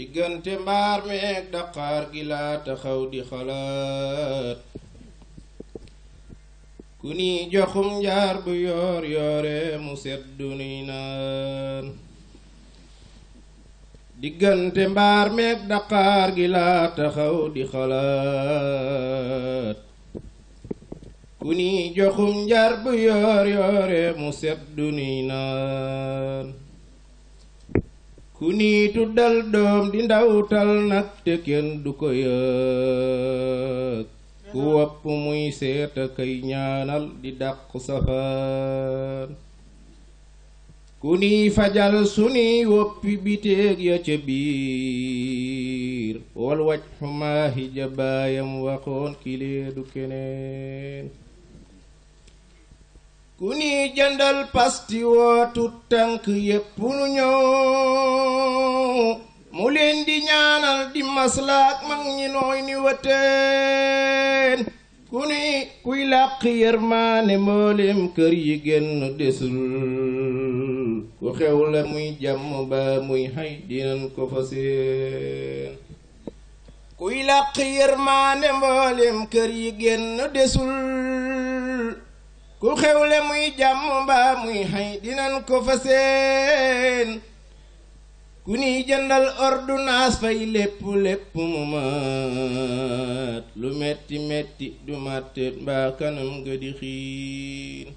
diggante mbaar meeg daqaar gi laa taxaw di xalaat ku ni joxum njaar bu yoor yoore mu seddu nuy naan diggante mbaar meeg daqaar gi laa naan ku nii tuddal doom di ndawtal nag te kenn du ko yëg ku wopp muy seeta kay ñaanal di dàq safaan ku nii fajal sunuy woppi biteeg ya ca biir wal waj xumaahi jabaayam waxoon kilee du keneen ku ni jëndal pasti wootu tànk yépp ñëw mu leen di ñaanal di maslaak mag ñi nooy ni wëteen ku ni kuy làq yërmaane mboolem kër yi génn desul ku xew la muy jàmm ba muy xay dinañ ko fa seen kuy làq yërmaane mboolem kër yi génn desul ku xewle muy jàmm mbaa muy xay dinañ ko fa seen ku niy jëndal ordonnance fay lépp lépp mu mat lu metti metti du màttet mbaa kanam nga di xiin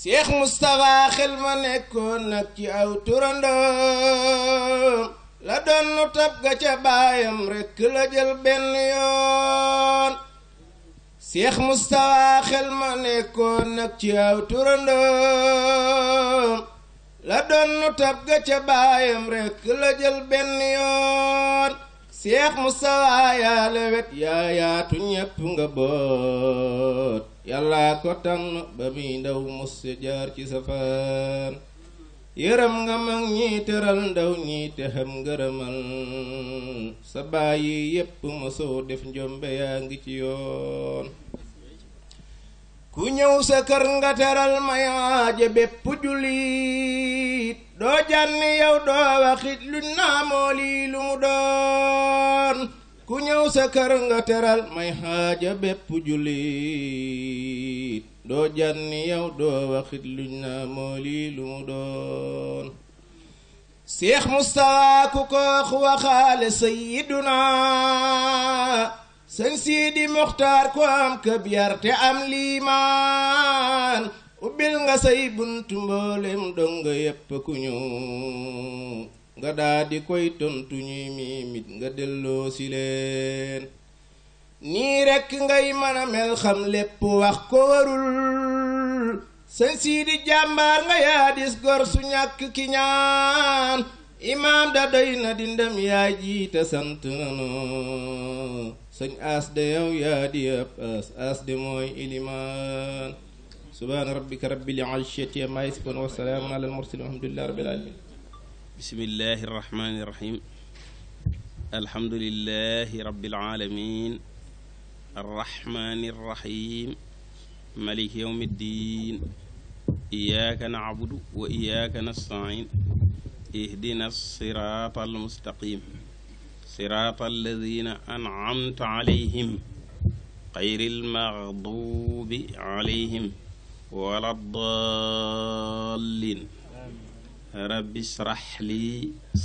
Cheikh Moustapha xel ma nekkoon nag ci aw turandoom la doon tab ga ca baayam rekk la jël benn yoon seex mustawa xel ma nekkoon nag ci aw turandoom la doon tab ga ca baayam rekk la jël benn yoon seex mustawa yaa lewet yaa yaatu ñépp nga boot yàllaa ko tànn ba muy ndaw mus jaar ci safaan yërëm nga mag ñi tëral ndaw ñi te xam ngërëmal sa baay yépp mosoo def njombe yaa ngi ci yoon ku ñëw sa kër nga teral mayaaje bépp jullit doo jànni yow doo waxit lu naa lii lu mu doon ku ñëw sa kër nga teral may xaaja bépp jullit doo jànni yow doo waxit luñ naa moo lu mu doon seex Mustafaa ku koox waxaale sayiduna sëñ siidi muxtaar ku am këb yar te am liimaan ubbil nga say buntu mboolem donga yépp ku ñëw nga daa koy tontu ñuy miimit nga delloo si leen nii rekk ngay mën mel xam lépp wax ko warul sëñ siidi jàmbaar nga yaa dis gor ki ñaan imaam da doy dindam yaa jiite sant nanu sëñ as de yow yaa di mooy ilimaan subhaana rabbika rabbil izzati ammaa yasifuun wa salaamun alal mursaliin walhamdulillaahi rabbil aalamiin bismillaahi rahmaani arrahmaani arrahim malik yawmi ddin iyaaka nacbudu wa iyaaka nastain ihdina siraata almustaqim siraata alladina ancamta calayhim gayri almaxdubi calayhim wala ddallin rabbi israx li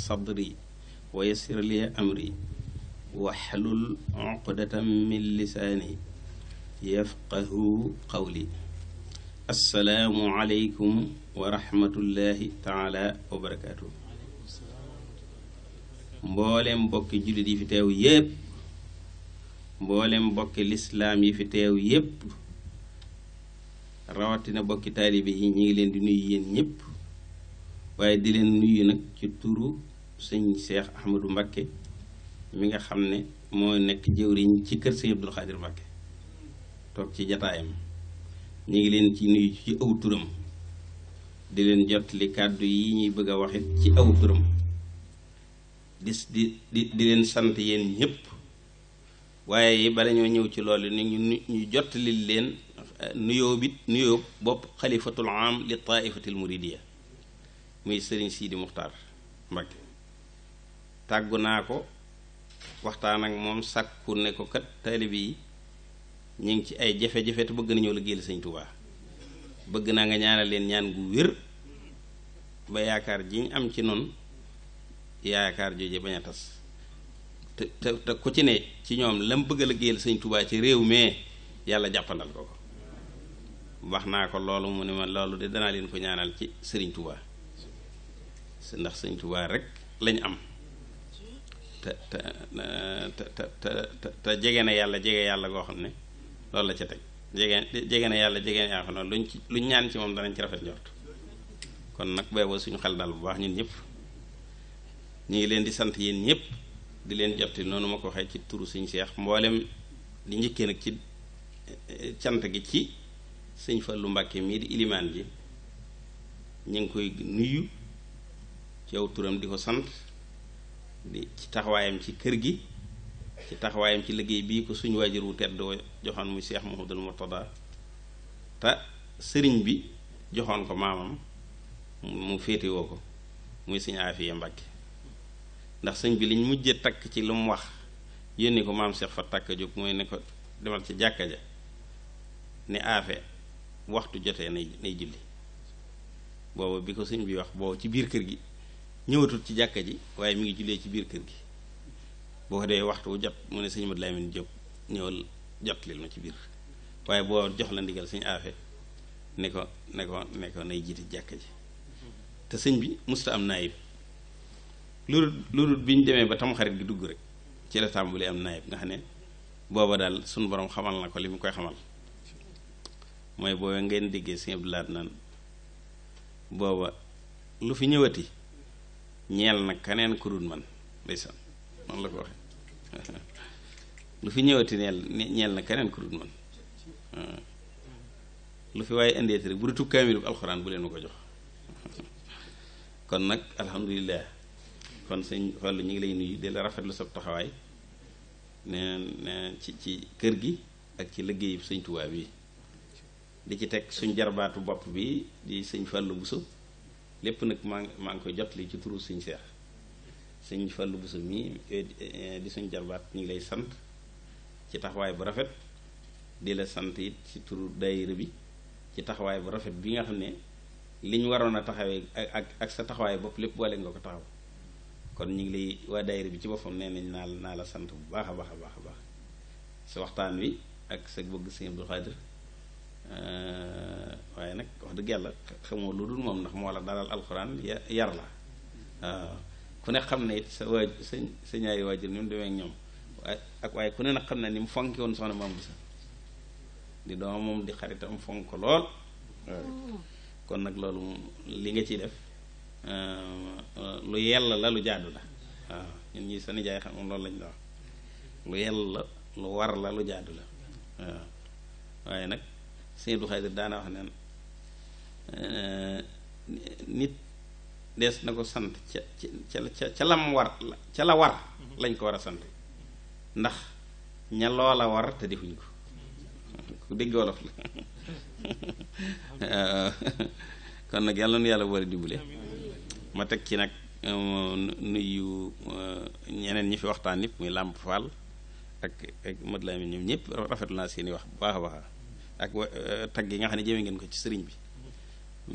sadri wa yassir li amri waxlul uqdatam min lisaani yafqahu qawli assalaamu aleykum wa rahmatullahi taala wa barakaatu mboolem mbokki jullit yi fi teew yépp mboolem mbokki lislaam yi fi teew yépp rawatina mbokki taalibe yi ñu ngi leen di nuyu yéen ñépp waaye di leen nuyu nag ci turu sëñ Cheikh Ahmadou Mbacké mi nga xam ne moo nekk jëwriñ ci kër Sëriñ Abdul Xaadir Mbàkke toog ci jataayam ñu ngi leen ci nuyu ci aw di leen jot kàddu yi ñuy bëgg a waxit ci aw di di di leen sant yéen ñëpp waaye bala ñoo ñëw ci loolu ni ñu ñu jottali leen eh, nuyoo bit nuyoo bopp xalifatul am li taaifatil muridiya muy sëriñ Sidi Muxtaar Mbakke tàggu naa ko waxtaan ak moom sàkku ne ko kat taalibe yi ñu ngi ci ay jafe-jafe te bëgg nañoo la sëñ Tuubaa bëgg naa nga ñaanal leen ñaan gu wér ba yaakaar ji ñu am ci noonu yaakaar jooje bañ a tas te te te ku ci ne ci ñoom lam bëgg a liggéeyal sëñ Tuubaa ci réew mee yàlla jàppandal ko ko wax naa ko loolu mu ne ma loolu de danaa leen ko ñaanal ci sëriñ Tuubaa ndax sëñ Tuubaa rek lañ am te te te te te jege na yàlla jege yàlla goo xam ne loolu la ca teg jege jege na yàlla jege na yàlla xam ne luñ ci luñ ñaan ci moom danañ ci rafet njort kon nag boobu suñu xal daal bu baax ñun ñëpp ñu ngi leen di sant yéen ñëpp di leen jotti noonu ma ko waxee ci turu suñu seex mboolem li njëkkee nag ci eh, cant gi ci sëñ Fallou Mbàkke mii di ilimaan ji ñu ngi koy nuyu ci yow turam di ko sant ci taxawaayam ci kër gi ci taxawaayam ci liggéey bii ko suñu waajur wu tedd joxoon muy Cheikh Mouhamadoul Mourtada te sëriñ bi joxoon ko maamam mu féetewoo ko muy sëñ Aafiya Mbàkke ndax sëñ bi liñ mujje takk ci lu mu wax yónni ko maam Cheikh fa takk jóg mooy ne ko demal ci jàkka ja ne aafe waxtu jotee nay nay julli boobu bi ko sëñ bi wax boobu ci biir kër gi ñëwatul ci jàkka ji waaye mi ngi jullee ci biir kër gi boo ko dee waxtu jot mu ne sëñ Modou Lamine Diop ñëwal jot lil ma ci biir waaye boo jox la ndigal sëñ aafe ne ko ne ko ne ko nay jiite jàkka ji te sëñ bi musta am naayib loolu loolu bi ñu demee ba tam xarit gi dugg rek ci la tàmbali am naayib nga xam ne booba daal suñu boroom xamal na ko li mu koy xamal mooy booba ngeen déggee sëñ Abdou Lahad naan booba lu fi ñëwati ñeel nag keneen ku dul man ndeysaan man la ko waxe lu fi ñëwati neel ñeel na keneen ku dul man lu fi waaye indeeti bu dutub kaamilu alxuraan bu leen ma ko jox kon nag alhamdulilah kon sëñ xool ñu ngi lay nuyu di la rafetlu sa taxawaay nee na ci ci kër gi ak ci liggéeyu sëñ Tuubaa bi di ci teg suñ jarbaatu bopp bi di sëñ Fàllu Buso lépp nag maa maa ngi koy jotli ci turu suñ seex suñ Fallou Bousso mii eh, eh, di suñ jarbaat ñu ngi lay sant ci taxawaay bu rafet di la sant it ci turu daayira bi ci taxawaay bu rafet bi nga xam ne liñ waroon a taxawee ak ak sa taxawaay bopp lépp boole nga ko taxaw kon ñu ngi lay waa daayira bi ci boppam nee nañ naa naa la sant bu baax a baax a baax a baax sa waxtaan wi ak sa bëgg Sëñ Abdou Khadir Euh, waaye nag wax dëgg yàlla xamoo lu dul moom ndax moo la dalal alxuraan yar la waaw ku ne xam ne it sa waaj sa sa ñaari waajur ni mu demee ñoom waaye ak waaye ku ne nag xam ne ni mu fonki woon soxna maam sa di di xaritam fonk lool oh. kon nag loolu li nga ciy def euh, lu yella la lu jaadu la waaw ñun ñi sa nijaay xam loolu lañ la wax lu yella la lu war la lu jaadu la waaw waaye nag sëñ Abdou Khadre daana wax naan eh, nit dees na ko sant ca ca ca ca lam war ca la war lañ ko war a sant ndax ña loola war te defuñ ko ku dégg wolof la kon nag yàlla nu yàlla war a dimbale ma teg ci nag eh, nuyu eh, ñeneen ñi fi waxtaan yëpp muy làmp faal ak ak Modou Lamine ñoom ñëpp rafetlu laa seeni wax bu baax ak euh, tagg yi nga xam ne jëmee ngeen ko ci sëriñ bi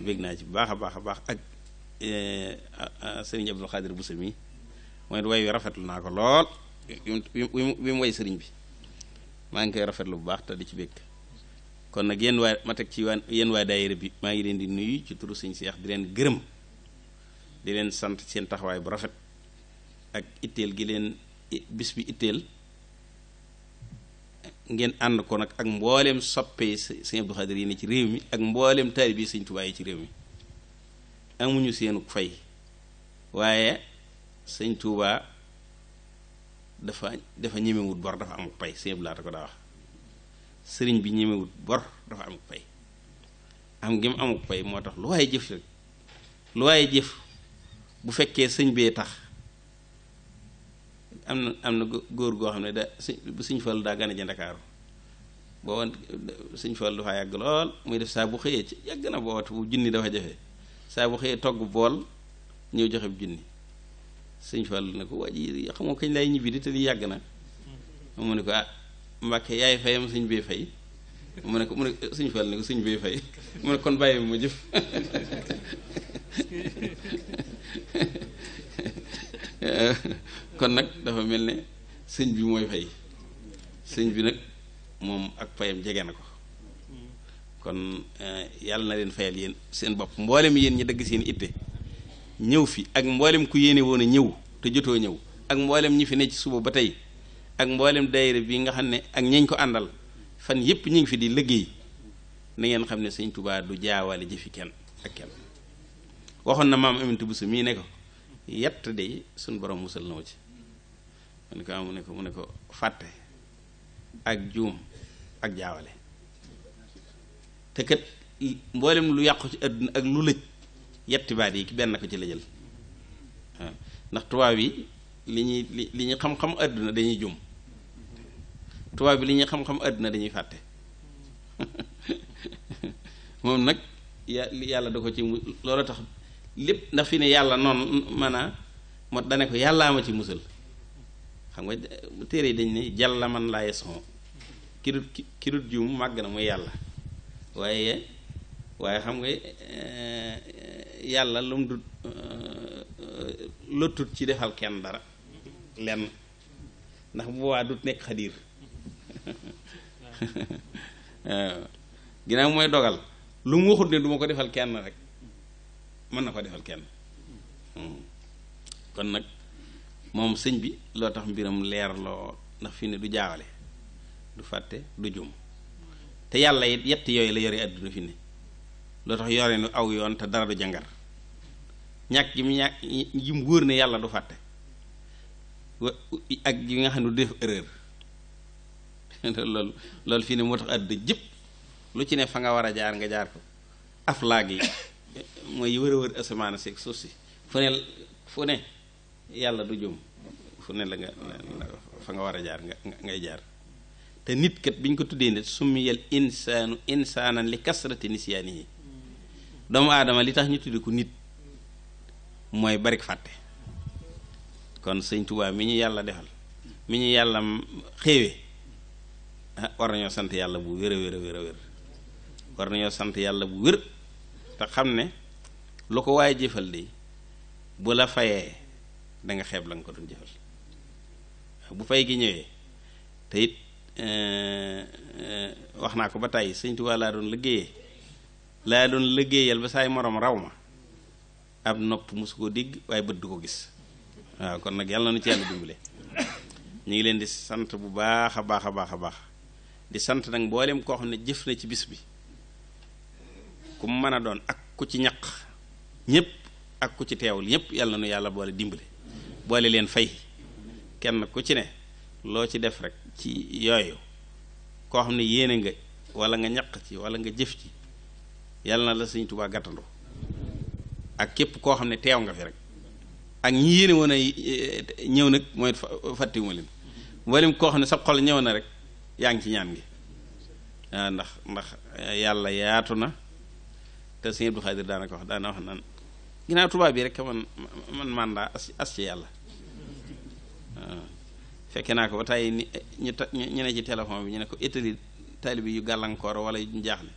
bég naa ci bu baax a baax a baax ak euh, sëriñ Abdul Xaadir bu mi mooy way wi rafetlu naa ko lool wi mu way sëriñ bi maa ngi koy rafetlu bu baax te di ci bég kon nag yéen waa ma teg ci waan yéen waa daayira bi maa ngi leen di nuyu ci turu sëñ Seex di leen gërëm di leen sant seen taxawaay bu rafet ak itteel gi leen bis bi itteel ngeen ànd ko nag ak mbooleem soppee sëñ Abdou Khadir yi ne ci réew mi ak mbooleem taalibe sëñ Tuubaa yi ci réew mi amuñu seenu fay waaye sëñ Tuubaa dafa dafa ñemewut bor dafa am pay sëñ Abdou ko daa wax sëriñ bi ñemewut bor dafa am pay am gi mu pay moo tax lu waaye jëf rek lu waaye jëf bu fekkee sëñ bee tax am na am na góor goo xam ne da suñ Fallu daa gane ji Ndakaaru booba suñ muy def saa bu xëyee ci yàgg na booba dafa jafe saa bu xëyee togg bool ñëw joxe junni suñ Fallu ne ko waa ji xamoo kañ lay ñibbi di te yàgg na mu ne ko ah Mbàkke yaay fayam suñ bee fay mu ne ko mu ne suñ Fallu ne ko suñ bee fay mu ne kon bàyyi ma jëf kon nag dafa mel ne sëñ bi mooy fay sëñ bi nag moom ak payam jege na ko kon eh, yàlla na leen fayal yéen seen bopp mboolem yéen ñi dëgg seen itte ñëw fi ak mboolem ku yéene woon a ñëw te jotoo ñëw ak mboolem ñi fi nekk ci suba ba tey ak mboolem daayira bi nga xam ne ak ñañ ko àndal fan yépp ñu ngi fi di liggéey na ngeen xam ne sëñ Tuubaa du jaawale fi kenn ak kenn waxoon na maam bu Bousso mii ne ko yett de suñ borom musal na ci mu ne ko am mu ne ko mu ne ko fàtte ak juum ak jaawale te kat mboolem lu yàqu ci àdduna ak lu lëj yetti baat yi ki benn ko ci la jël ndax tubaab yi li ñuy li ñuy xam-xam àdduna dañuy juum tubaab bi li ñuy xam-xam àdduna dañuy fàtte moom nag yàlla da ko ci loolu tax lépp ndax fi ne yàlla noonu man a moo dane ko yàllaa ma ci musal xam nga téere dañ jal la man laay yeson ki dut ki dut màgg na muy yàlla waaye waaye xam nga eh, yàlla lu mu dut eh, lottut ci defal kenn dara lenn ndax bu boobaa dut nekk xadiir waaw mooy dogal lu mu waxut ne du ko defal kenn rek mën na ko defal kenn hmm. kon nag moom sëñ bi loo tax mbiram leer loo ndax fi ne du jaawale du fàtte du jum te yàlla yit yett yooyu la yore àdduna fi ne loo tax yore nu aw yoon te dara du jàngar ñàkk gi mu ñàkk gi mu wóor ne yàlla du fàtte ak yi nga xam ne du def erreur loolu loolu fii ne moo tax àdduna jëpp lu ci ne fa nga war a jaar nga jaar ko aflaag yi mooy wër a wër asamaan si ak suuf si fu ne fu ne yàlla du jum fu ne la nga fa nga war a jaar nga ngay jaar te nit kat bi ñu ko tuddee ne summiyal insaanu insaanan li kasrati nisyaani yi doomu aadama li tax ñu tudde ko nit mooy bari fàtte kon sëñ Tuubaa mi ñu yàlla defal mi ñu yàlla xéewe ah war nañoo sant yàlla bu wér a wér a wér a wér war nañoo sant yàlla bu wér te xam ne lu ko waaye jëfal de bu la fayee danga nga xeeb la nga ko doon jëfal bu fay gi ñëwee te it eh, eh, wax naa ko ba tàyyi sëñ Tuubaa laa doon liggéeyee laa doon liggéeyal ba saay moroom raw ma ab nopp mosu koo dégg waaye bët du ko gis waaw kon nag yàlla na ci yàlla dimbale ñu ngi leen di sant bu baax a baax a baax a baax di sant nag mboolem koo xam ne jëf na ci bis bi ku mën a doon ak ku ci ñaq ñépp ak ku ci teewul ñépp yàlla na nu yàlla boole dimbale boole leen fay kenn ku ci ne loo ci def rek ci yooyu koo xam ne yéene nga wala nga ñaq ci walla nga jëf ci yàlla na la Sëriñ Tuubaa gàttandu ak képp koo xam ne teew nga fi rek ak ñi yéene woon a eh, ñëw nag mooy fàttiwuma leen mboolem koo xam ne sa xol ñëw na rek yaa ngi ci ñaan gi ah, ndax ndax yàlla yaatu na te Sëriñ Abdou Khadir daanaka wax daana wax naan ginnaaw tubaab bi rek man man mandaa as as yàlla fekke naa ko ba tey ni ñu ñu ci téléphone bi ñu ne ko étali taalibe gàllankoor wala yu jaaxle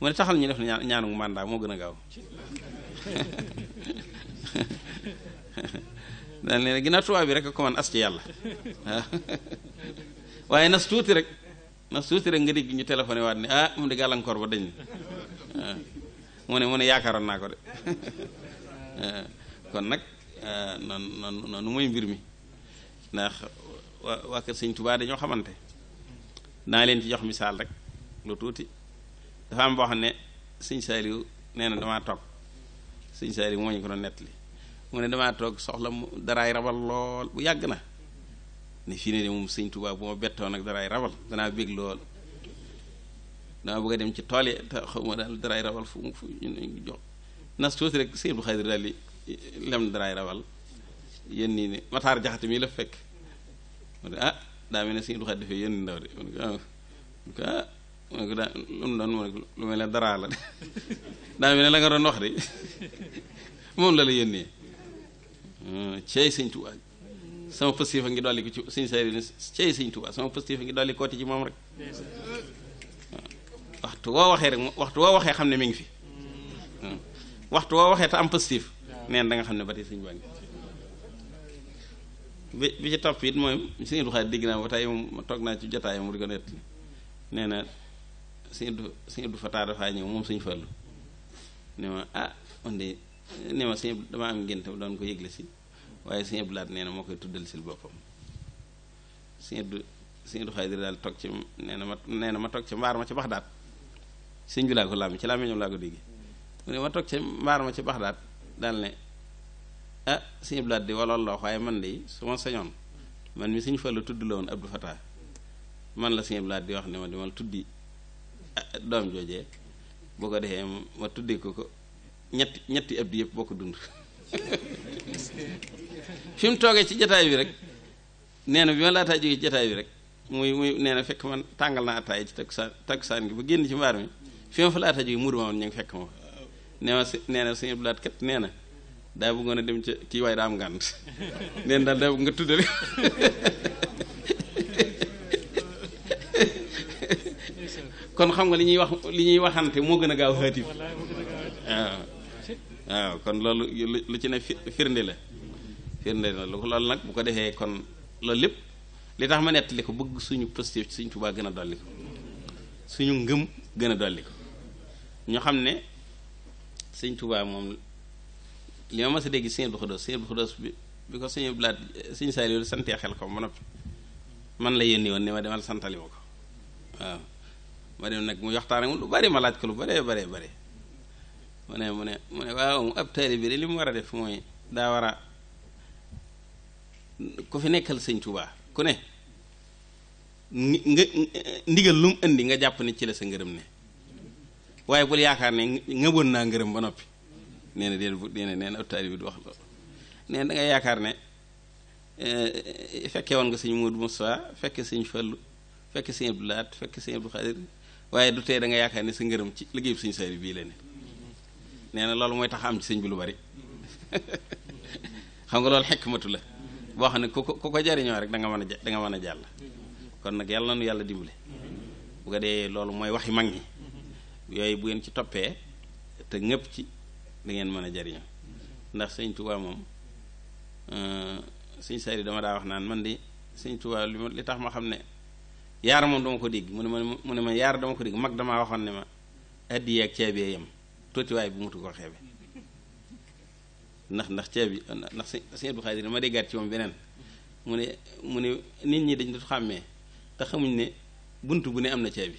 mu ne taxal ñu def ñaan ñaanu mandat moo gën a gaaw daan leen bi rek as ci yàlla waaye nas tuuti rek nas tuuti rek nga ñu téléphoné waat ne ah gàllankoor ba dañ na mu ne mu ne naa ko de kon nag eh, noonu noonu noonu mooy mbir mi ndax wa kër sëñ Tuubaa dañoo xamante naa leen ci jox misaal rek lu tuuti dafa am boo xam ne sëñ Saaliw nee na damaa toog sëñ Saaliw moo ñu ko doon nettali mu ne damaa toog soxla mu daray rabal lool yàgg na ne fii ne de moom sëñ rabal danaa bég lool dama bëgg a dem ci tool yi te xaw ma daal daraay rabal fu mu fu ñu jox nas tuuti rek sëñ bu Xaadir daal di lem daraay rabal yéen nii Mataar Jaxate mii la fekk ma ne ah daa mel ne suñu lu xat dafay yónni ndaw de man ah. ah. ko daa lu mu ne ko lu mel ne daraa la de daa mel ne la nga doon wax de moom la la yónnee ah, ceey sëñ Tuubaa sama positif a ngi dolli ko ci sëñ Saaliw ne ceey sëñ ngi dolli ci moom rek waxtu woo waxee rek waxtu woo waxee xam ne mi ngi fi waxtu woo waxee te am positif neen da xam ne ba tey sëñ baa ngi bi bi ci topp it mooy Sëñ Abdou Khadre dégg naa ba tey moom toog naa ci jotaayam di ko nett nee na Sëñ Abdou Sëñ Abdou Fatah dafaa ñëw moom Sëñ Fallu ne ma ah on de ne ma Sëñ Abdou am ngénte doon ko yëgle si waaye Sëñ Abdou Laat nee na moo koy tuddal sil boppam Sëñ Abdou Sëñ Abdou Khadre daal toog ci nee na ma nee na ma toog ci mbaar ma ci Baxdaad sëñ bi laa ko laam ci laa meññam laa ko déggee mu ne ma toog ci mbaar ma ci Baxdaad daal ne ah sëñ Abdou Lahad di wala loox waaye man de su ma sañoon man mi sëñ Fallu tudd la woon Abdou Fatah man la sëñ Abdou Lahad di wax ne ma demal tuddi ah, doom joojee boo ko defee ma tuddee ko ko ñetti ñetti yëpp boo ko dund fi mu toogee ci jataay bi rek nee na bi jataay bi rek muy muy nee fekk man tàngal naa attaay ci takkusaan takkusaan gi ba génn ci mbaar mi fi ma fa laataa jógee muur woon ñu ngi fekk ma fa nee na nee na nee na daa bëggoon a dem ca kii waaye daa am ngànt neen daal daa bëgg nga tuddale kon xam nga li ñuy wax li ñuy waxante moo gën a gaaw xaatif waaw waaw kon loolu lu ci ne firnde la firnde la loolu nag bu ko defee kon loolu lépp li tax ma nettali ko bëgg suñu positif ci suñu Tuubaa gën a dolli ko suñu ngëm gën a dolli ko ñu xam ne suñ Tuubaa moom li ma mas a dégg sëñ Abdou Khoudous sëñ Abdou Khoudous bi bi ko sëñ Blaat sëñ Saliou santee xel ko ba noppi man la yónni woon ni ma demal santali ma ko waaw ma dem nag mu waxtaan lu bari ma laaj ko lu baree baree bare mu ne mu ne mu ne li mu war a def mooy daa war a ku fi nekkal sëñ Touba ku ne ndigal lu mu indi nga jàpp ne ci la sa ngërëm ne waaye bul yaakaar ne nga naa ngërëm ba noppi nee na déedéet nee na nee na taalibe bi du wax nee na da nga yaakaar ne eh, fekke woon nga sëñ Modou Moussa fekke sëñ Fallou fekke sëñ Abdou Lahat fekke sëñ Abdou Khadir waaye du tee da nga ne sa ngërëm ci liggéey bi sëñ Saliou bii la ne nee na loolu mooy tax am ci sëñ bi lu bari xam nga loolu xekmatu la boo xam ne ku ko ku ko jariñoo rek da nga mën a da nga mën a jàll kon nag yàlla nu yàlla dimbale bu dee loolu mooy waxi mag ñi yooyu bu ngeen ci toppee te ñëpp ci dangeen mën a jariñu ndax sëñ Tuubaa moom euh, sëñ Saari dama daa wax naan man di sëñ Tuubaa li tax ma xam ne yaar moom dama ko dégg mu ne ma mu ne ma yaar dama ko dégg mag damaa waxoon ne ma addi yeeg ceeb yee yem tuutiwaay bu mutu ko xeebe ndax ndax ceeb yi ndax sëñ Abdou Xaadir ma déggaat ci moom beneen mu ne mu ne nit ñi dañ dut xàmmee te xamuñ ne bunt bu ne am na ceeb bi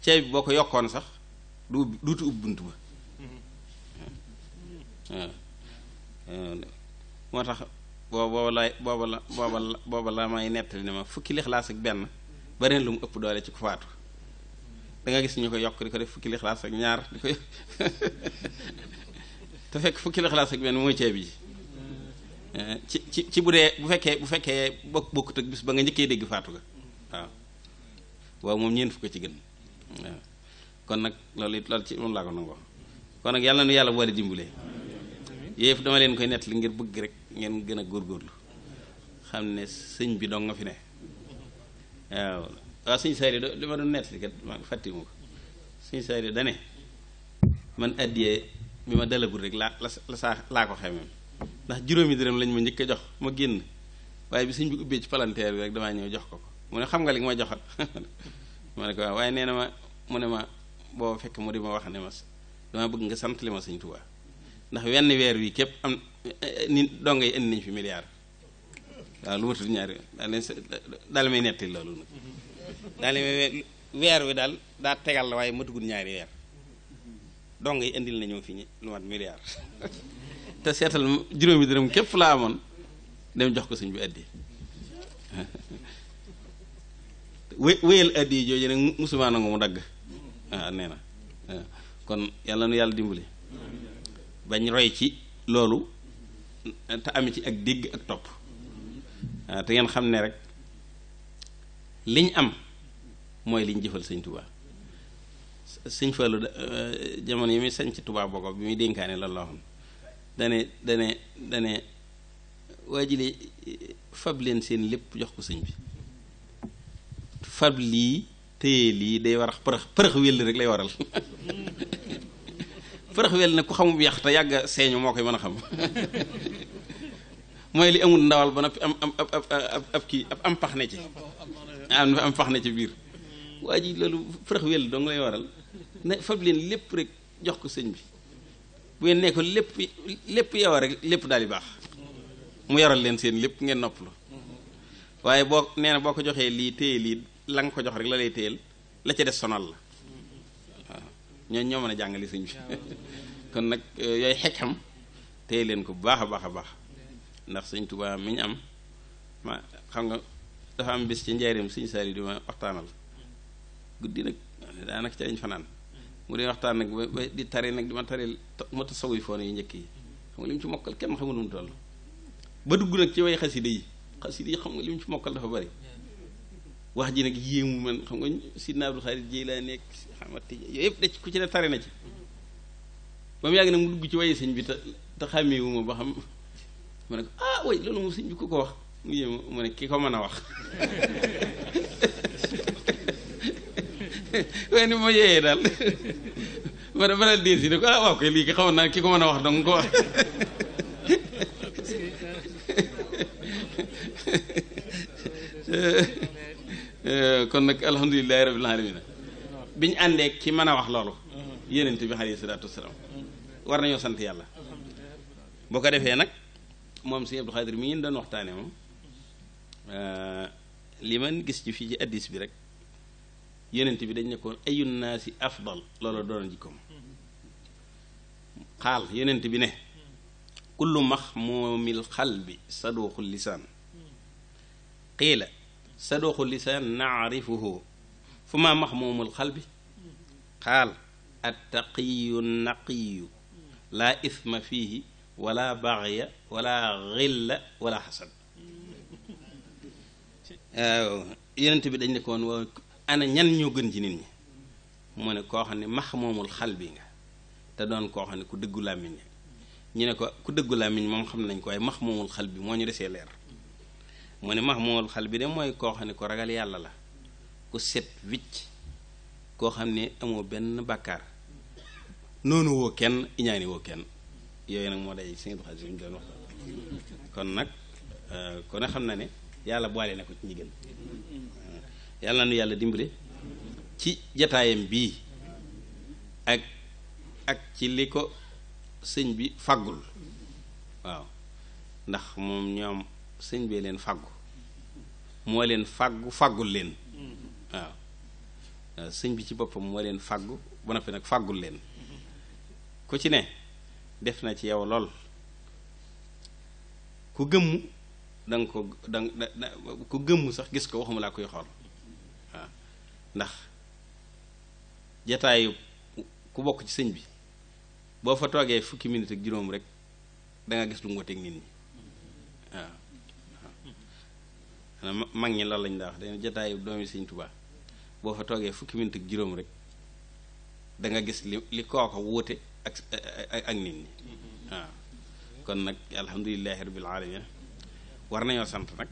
ceeb bi boo ko yokkoon sax du duuti ub bunt ba moo tax booba lay booba la booba la booba la may nettali ne ma fukki lixlaas ak benn bareen lu mu ëpp doole ci ku faatu da gis ñu ko yokk di ko def fukki lixlaas ak ñaar di ko te fekk fukki lixlaas ak benn mooy ceeb yi eh, ci ci ci bu dee bu fekkee bu fekkee bokk bokkut ak bis ba nga njëkkee dégg faatu ga waaw waaw moom ñeent fukk ci gën waaw kon nag loolu it ci moom laa ko nangoo kon nag yàlla nu yàlla boole dimbulee yëpp dama leen koy nettali ngir bëgg rek ngeen gën a góorgóorlu xam ne sëñ bi dong nga fi ne waaw waaw sëñ Saaliw li ma doon nettali kat maa ngi fàtte dane man addiyee bi ma dalagul rek laa la saa laa ko xemeem ndax juróomi dërëm lañ ma njëkk a jox ma génn waaye bi sëñ bi ubbee ci palanteer bi rek damaa ñëw jox ko ko mu ne xam nga li nga ma joxal ma ne ko waaw waaye nee na ma mu ne ma boo fekk mu di ma wax ne ma damaa bëgg nga sant li ma sëñ Tuubaa ndax wenn weer wi képp am ni donga yi indi nañu fi milliard waaw lu matul ñaari daal may nettali loolu nag daal may weer wi daal daa tegal la waaye matugul ñaari weer dong yi indil nañoo fi ñi lu mat milliard te seetal juróomi dërëm képp laa amoon dem jox ko suñ bi addi wé- wéyal addi yi jooju nag musulmaan nga mu dagg kon yàlla nu yàlla dimbali bañ roy ci loolu te am ci ak dégg ak topp ah, te ngeen xam ne rek liñ am mooy liñ jëfal sëñ Touba sëñ Fallou euh, jamono yi muy sañ ci Touba boko bi muy dénkaane la loo xam dane dane dane waa jile fab leen seen lépp jox ko sëñ bi fab lii téye lii day war a përëx përëx wéll rek lay waral fërëxwel ne ku xamub yax te yàgg seeñu moo koy mën a xam mooy li amul ndawal ba noppi am am ab kii ab am pax ne ci am am pax ci biir waa ji loolu fërëxwel dong lay waral fab leen lépp rek jox ko sëñ bi bu ngeen ne ko lépp lépp yow rek lépp daal di baax mu yoral leen seen lépp ngeen noppalu waaye boo nee boo ko joxee lii téye lii la nga ko jox rek la lay téyel la ca des sonal la ñooñu ñoo mën a jàngale sëñ bi kon nag eh, yooyu xekk xam tey leen ko bu baax a baax a baax ndax sëñ Tuubaa mi ñu am ma xam nga dafa am bis ci njaareem sëñ Saaliw di ma waxtaanal guddi nag daanaka ca lañ fanaan mu dee waxtaan nag ba di tari nag di ma tari ma tasawuy foon yu njëkk yi xam nga li ci mokkal kenn xamul nu mu toll ba dugg nag ci way xasida yi xasida yi xam nga li mu ci mokkal dafa bari wax ji nag yéemu man xam nga sidna Abdul Xaadir Jeylaani ak Ahmad Tijaan yooyu yëpp da ci ku ci ne tare na ci ba mu yàgg nag mu dugg ci waye sëñ bi te te ba xam ma ne ko ah ko wax ki ko mën a wax waaye ni ma yeeyee daal ma ne ma daal déet ne ko ah waaw koy lii ki xamoon naa ki ko mën a wax dong ko wax Eh, kon nag alhamdulilahi rabbil bi biñu àndee ki mën a wax loolu mhm. yonent bi alayhi salaatu wasalaam mhm. sant yàlla boo ko defee nag moom si Abdou Xaadir mi eh, li man gis ci fii ci bi rek yonent bi dañ nekkoon ayun naasi afdal loolu doon jikkoom xaal yonent bi ne kullu max moomil xal bi saduuxul lisaan mhm. qiila sadoxu lisaan naarifuhu fu ma max maa xal bi xaal attaqiyu naqiyu laa isma fiihi wala baxya wala xilla wala xasad waaw yenent bi dañ nekkoon waa ana ñan ñoo gën ci nit ñi mu ne koo xam ne max moomul xal bi nga te doon koo xam ne ku dëggu làmmiñ ñu ne ko ku dëggu làmmiñ moom xam nañ ko waaye max moomul xal bi moo ñu desee leer mu ne mahmool xal bi de mooy koo xam ko ragal yàlla la ku set wicc koo xam ne amoo benn bàkkaar noonu woo kenn iñaani woo kenn yooyu nag moo day sëñ Abdou Khadre ñu kon nag euh, kon xam na ne yàlla boole na ko ci ñi yàlla na nu yàlla dimbale ci jataayam bii ak ak ci li ko sëñ bi faggul waaw ndax moom ñoom sëñ bee leen fàggu moo leen fàggu fàggul leen waaw sëñ bi ci boppam moo leen fàggu ba noppi nag fàggul leen ku ci ne def na ci yow lool ku gëmmu da ko da ku gëmmu sax gis ko waxuma laa koy xool waaw ndax jataayu ku bokk ci sëñ bi boo fa toogee fukki minute ak juróom rek da gis lu ngooteeg nit ñi mag ñi lan lañ daa wax dañu jataayu doomi Sëñ Tuubaa boo fa toogee fukki minute ak juróom rek danga gis li li kooko wuute ak ak nit ñi mm-hmm. waaw kon nag alhamdulilahi rabbil alamin war nañoo sant nag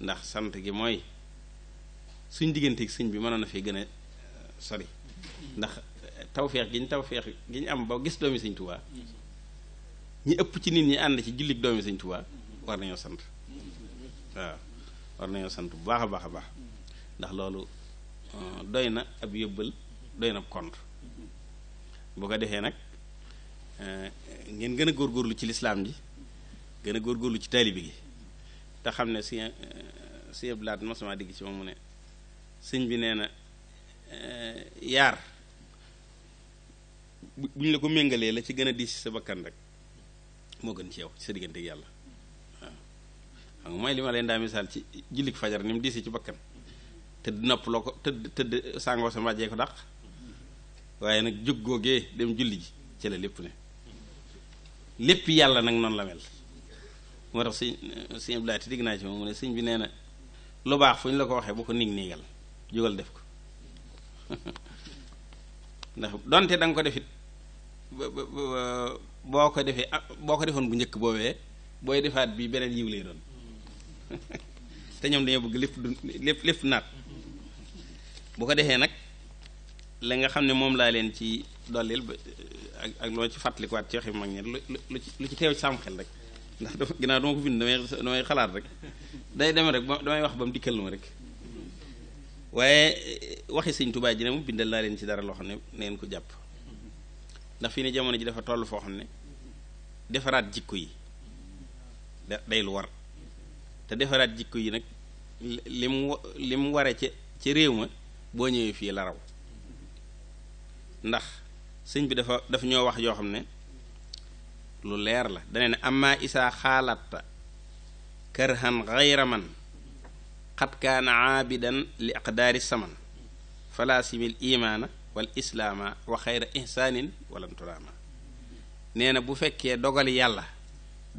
ndax sant gi mooy suñ digganteeg sëñ bi mënoon na fi gën a uh, sori mm-hmm. ndax uh, tawfeex gi ñu tawfeex gi ñu am ba gis doomi Sëñ Tuubaa mm-hmm. ñi ëpp ci nit ñi ànd ci jullit doomi Sëñ Tuubaa war nañoo sant waaw war nañoo sant bu baax a baax a baax ndax loolu euh, doy na ab yëbbal doy na compte boo ko defee nag euh, ngeen gën a góor góorlu ci lislaam ji gën a góor góorlu ci taalibi gi te xam ne si euh, si blaat mosuma digg ci moom mu ne sëñ bi nee na yaar bu ñu la ko méngalee la ci gën a diis sa bakkan rek moo gën ci yow ci sa diggante yàlla xam nga mooy li ma misaal ci jullik fajar ni mu diisi ci bakkan tëdd nopp loo ko tëdd tëdd sàngoo sa mbàjjee ko dàq waaye nag jóg googee dem julli ji ci la lépp ne lépp yàlla nag noonu la mel moo tax sëñ sëñ Abdoulaye digg naa ci moom mu ne sëñ bi nee na lu baax fu ñu la ko waxee bu ko nig niigal jógal def ko ndax donte danga ko def it boo ko defee boo ko defoon bu njëkk boobee booy defaat bi beneen yiw lay doon te ñoom dañoo bëgg lépp lépp lépp naat boo ko defee nag la nga xam ne moom laa leen ci dollil ba eh, ak ak loo ci fàttalikuwaat ci waxi mag ñi lu lu ci lu ci teew ci xel rek ndax dama ginnaaw dama ko damay xalaat rek day demee rek ba wax ba mu dikkal ma rek waaye eh, waxi sëñ Tuubaa ji ne mu bindal laa leen ci dara loo xam ne neen ko jàpp ndax fii ne jamono ji dafa toll foo xam ne defaraat jikko yi day lu war te defaraat jikko yi nag li ware ca ca réew ma boo ñëwee fii la raw ndax sëñ bi dafa daf ñoo wax yoo xam ne lu leer la dane ne amma isaa xaalatta karhan xayra man xat kaana aabidan li aqdaari saman fala simil imaana wal islaama wa xayra ihsaanin walantulaama nee na bu fekkee dogal yàlla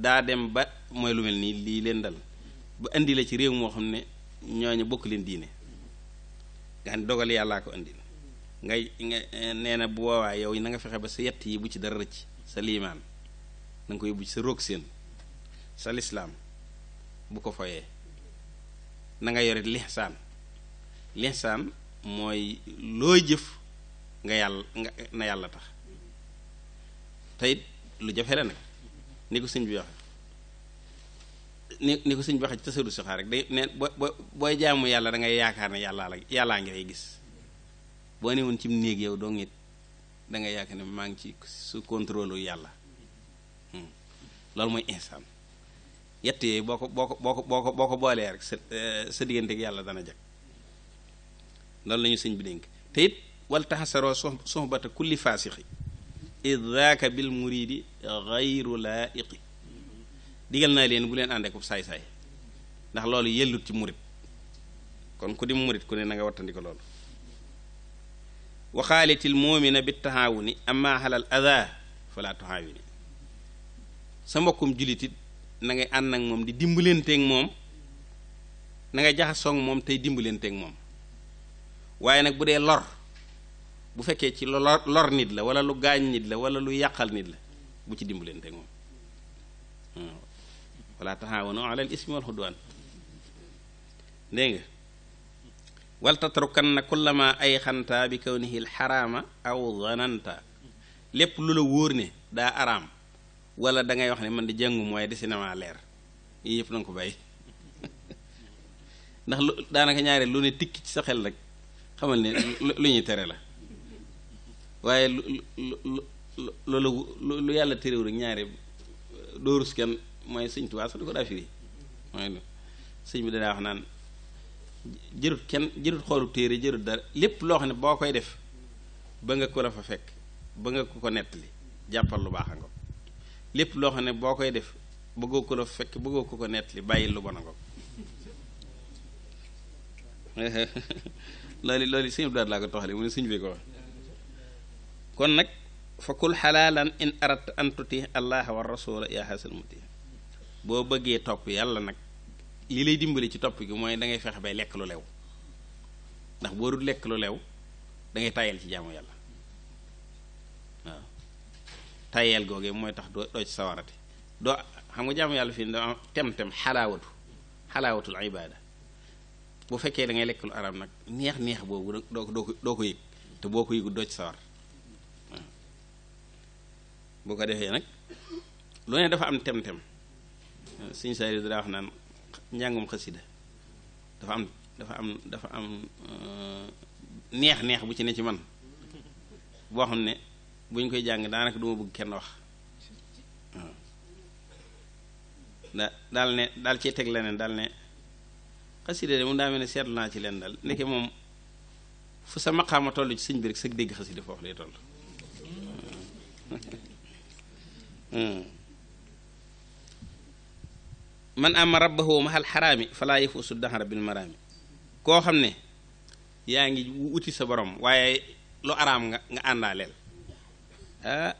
daa dem ba mooy lu mel nii lii leen dal ba indi la ci réew moo xam ne ñooñu bokk leen diine nga dogal yàllaa ko indi ngay nga nee na bu boobaa yow na nga fexe ba sa yett yi bu ci dara rëcc sa liimaan na nga ko yóbbu ci sa roog seen sa lislaam bu ko foyee na nga yore lixsaan lixsaan mooy loo jëf nga yàlla nga na yàlla tax teyit lu jafe la nag ni ko sëñ bi ni ni ko suñ waxee ci tasaru sixaar rek day boo bo booy jaamu yàlla da ngay yaakaar ne yàllaa la yàllaa ngi lay gis boo ne woon ci mu néeg yow dong it da ngay yaakaar ne maa ngi ci su contrôle yàlla hmm. loolu mooy insaan yett yooyu boo ko boo ko boo ko boo ko boo ko boolee rek sa eh, sa diggante yàlla dana jag loolu la ñu sëñ bi dénk te it wal taxasaroo soxbata kulli faasixi iddaaka bil muridi gayru laiqi digal naa leen bu leen àndee ko saay-saay ndax loolu yellut ci murit kon ku di murit ku ne na nga wattandi ko loolu waxaalitil muumina bi taxaawuni amma xalal ada fala tuxaawini sa mbokkum julitit na ngay ànd ak moom di dimbalanteeg moom nanga nga moom tey dimbalanteeg moom waaye nag bu dee lor bu fekkee ci lor lor nit la wala lu gaañ nit la wala lu yàqal nit la bu ci dimbalanteeg moom hmm. wala taxaawano alal ismi wal xudwaan dégg nga wal tatrukanna kullama ay xanta bi kawnihi l xaraama aw zananta lépp lu la wóor ne daa araam wala da wax ne man di jàngum waaye de cinéma leer yii na ko bàyyi ndax lu daanaka ñaare lu ne tikki ci sa xel rek xamal ne lu ñuy tere la lu lu lu lu lu yàlla terewul rek ñaare dóorus kenn mooy sëñ Tuubaa sax daa bi danaa wax naan jërut kenn jërut xoolub téere jërut dara lépp loo xam ne boo koy def ba nga fekk ba nga ko ko nettali jàppal lu baax a loo xam ne boo koy def bëggoo ko la fa fekk bëggoo ko ko nettali bàyyi lu bon a ngoog loolu loolu sëñ bi laa ko toxale mu ne sëñ bi ko wax kon nag fa kul xalaalan in arat an tuti allaha wa rasula yaa muti boo bëggee topp yàlla nag li lay dimbali ci topp gi mooy dangay fexe bay lekk lu lew ndax boo dul lekk lu lew dangay ngay tayal ci jaamu yàlla waaw tayal googee mooy tax doo doo ci sawarati doo xam nga jaamu yàlla fii da tem-tem xalaawatu xalaawatul ibaada fekkee da ngay lekk lu araam nag neex neex boobu doo doo ko doo ko yëg te boo ko yëgul doo ci sawar boo ko defee nag lu dafa am tem-tem suñu sa yi dara wax naan njàngum xasida dafa am dafa am dafa am euh, neex neex bu ci ne ci man boo xam ne buñ koy jàng daanaka du ma bëgg kenn wax da daal ne daal ci teg leneen daal ne xasida de mu daa mel ne seetlu naa ci leen daal ndeke moom fu sa maqaama toll ci sëñ bi rek sag dégg xasida foofu lay toll hmm. man ama rabbahu mahal xaraami falaa yafuusu daxara bil maraami koo xam ne yaa ngi wuti sa borom waaye lu araam nga nga àndaaleel ah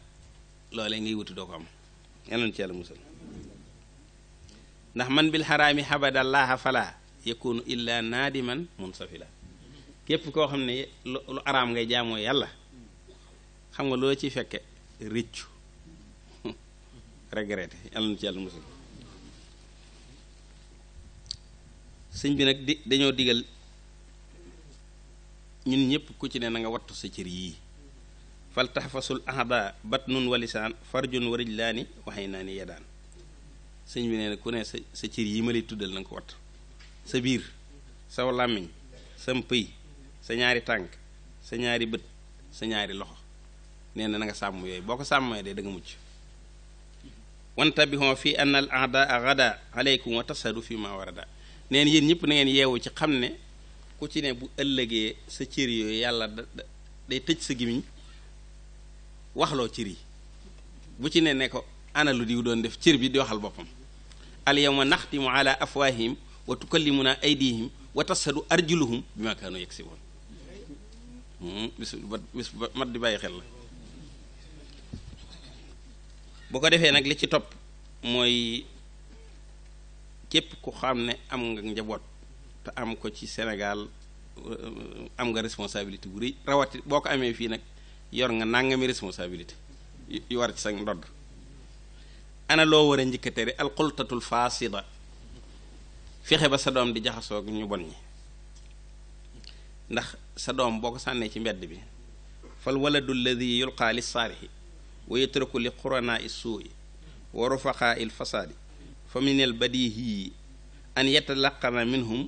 loolee ngay wuti doo ko am yàlla ci yàlla musal ndax man bil xaraami xabadallaaha falaa yakunu illaa naadiman munsafila képp koo xam ne lu araam ngay jaamoo yàlla xam nga loo ci fekke rëccu regretté yàlla ci yàlla musal sëñ bi nag di dañoo digal ñun ñëpp ku ci ne na nga wattu sa cër yii fal taxfasul ahda batnun walisaan farjun wa rijlaani waxee naa ni yadaan sëñ bi nee ku ne sa sa cër yii ma lay tuddal na ko wattu sa biir sa làmmiñ sam pëy sa ñaari tànk sa ñaari bët sa ñaari loxo nee na na nga sàmm yooyu boo ko sàmmee de da nga mucc wantabihon fi anna al ahda gada aleykum wa tasadu fi ma warada neen yéen ñëpp nangeen ngeen yeewu ci xam ne ku ci ne bu ëllëgee sa cër yooyu yàlla day tëj sa gimiñ waxloo cër yi bu ci ne ne ko analu lu diw doon def cër bi di waxal boppam al yawma naxtimu ala afwahihim wa tukallimuna aydihim wa tashhadu arjuluhum bima kaanu yaksibuun hmm, bis bis mat di bàyyi xel la bu ko defee nag li ci topp mooy képp ku xam ne am nga njaboot te am ko ci Sénégal euh, am nga responsabilité bu rëy rawati boo ko amee fii nag yor nga nangami responsabilité yu war ci sa ndodd ana loo war a njëkk a tere alxultatul faasida fexe ba sa doom di jaxasoo ak ñu bon ñi ndax sa doom boo ko sànnee ci mbedd bi fal waladu alladi yulqaa lissaalihi wa yutruku li quranaa i suuyi wa rufaqaa il fasaadi fa min al badihi an yatalaqana minhum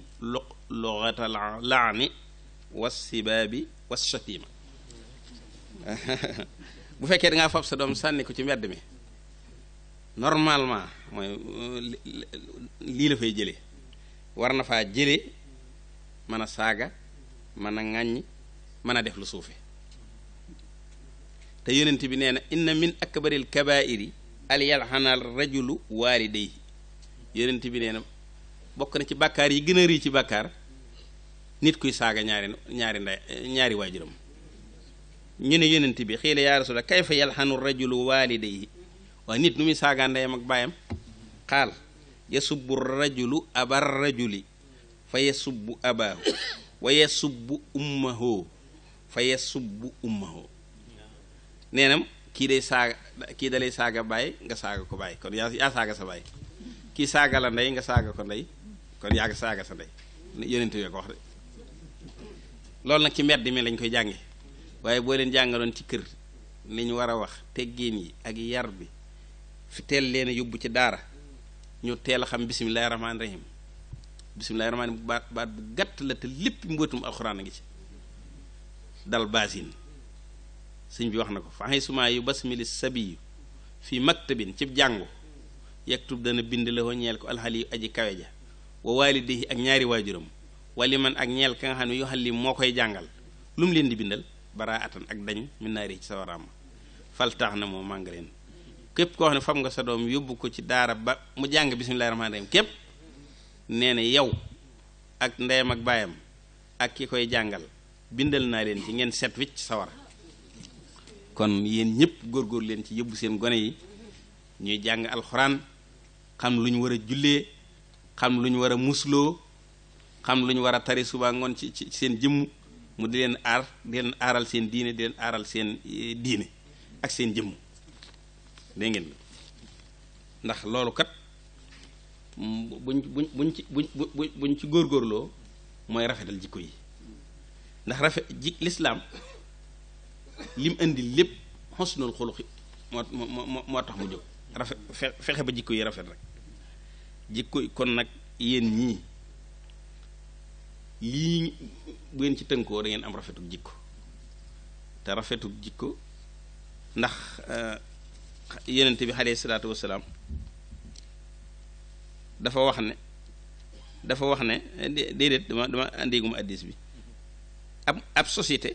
lughata laani wassibaabi wasshatima bu fekkee dangaa fab doom sànni ko ci mbedd mi normalement mooy lii la fay jële war na faa jële mën a saaga mën a ŋàññ a def lu suufe te yonent bi nee na inna min akbaril kabairi al yalxana rajulu waalidayhi yonent bi nee na bokk na ci bàkkaar yi gën a rii ci bàkkaar nit kuy saaga ñaari ñaari nday ñaari waajuram ñu ne yonent bi xiila yaa rasulallah kayfa yalxanu rajulu waalidayhi waaye nit nu muy saagaa ndeyam ak baayam xaal yasubbu rajulu abar rajuli fa yasubbu abaahu wa yasubbu ummahu fa yasubbu ummahu nee nam kii day saaga kii dalay saaga baay nga saaga ko baay kon yaa yaa saaga sa baay kii saaga la ndey nga saaga ko ndey kon yaa ngi saaga sa ndey yonent yooyu ko wax de loolu nag ci mbedd mi lañ koy jànge waaye boo leen jàngaloon ci kër ni war a wax teggin yi ak yar bi fi teel leen yóbbu ci daara ñu teel a xam bisimilahi rahmaani rahim bisimilahi rahmaani baat bu gàtt la te lépp mbootum alxuraan a ngi ci dal basin sëñ bi wax na ko fa xay sumaa yu basmili sabiyu fii maktabin cib jàngu yaktub dana bind la ñeel ko alxali aji kawe ja wa waalidihi ak ñaari waajuram wali man ak ñeel ka nga xam ne yoo xam li moo koy jàngal lu mu leen di bindal baraa atan ak dañ min naari ci sawaraam fal tax na moom màng leen képp koo xam ne fam nga sa doom yóbbu ko ci daara ba mu jàng bismillahi rahmaani rahim képp nee na yow ak ndeyam ak baayam ak ki koy jàngal bindal naa leen ci ngeen set wicc sawar kon yéen ñëpp góor leen ci yóbbu seen gone yi ñuy jàng alxuraan xam lu ñu war a jullee xam lu ñu war a musloo xam lu ñu war a tari suba ngoon ci ci seen jëmm mu di leen aar di leen aaral seen diine di leen aaral seen eh, diine ak seen jëmm dégg ngeen ndax loolu kat buñ buñ buñ ci buñ buñ ci góorgóorloo mooy rafetal jikko yi ndax rafet ji lislaam lim indi lépp xosnul xuluxi moo moo moo tax mu jóg rafet fexe ba jikko yi rafet rek jikko kon nag yéen ñii lii bu ngeen ci tënkoo da ngeen am rafetu jikko te rafetuk jikko ndax eh, yenente bi alayhi salaatu wasalaam dafa wax ne dafa wax ne déedéet dama dama àndigum addis bi ab ab société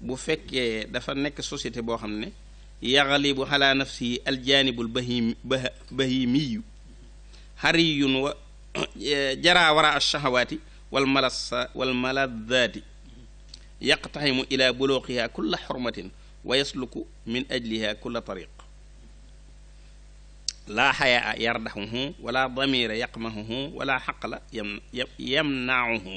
bu fekkee dafa nekk société boo xam ne yaxalibu xalaa nafsi aljaanibul bahim bahimiyu hariyun wa eh, jaraa wara alshahawaati walmalasa walmaladaati yaqtaximu ila buluqiha kulla xurmatin wa yasluku min ajliha kulla tariq laa xayaa yardaxuhu wala damira yaqmahuhu wala xaqla yam yamnaahu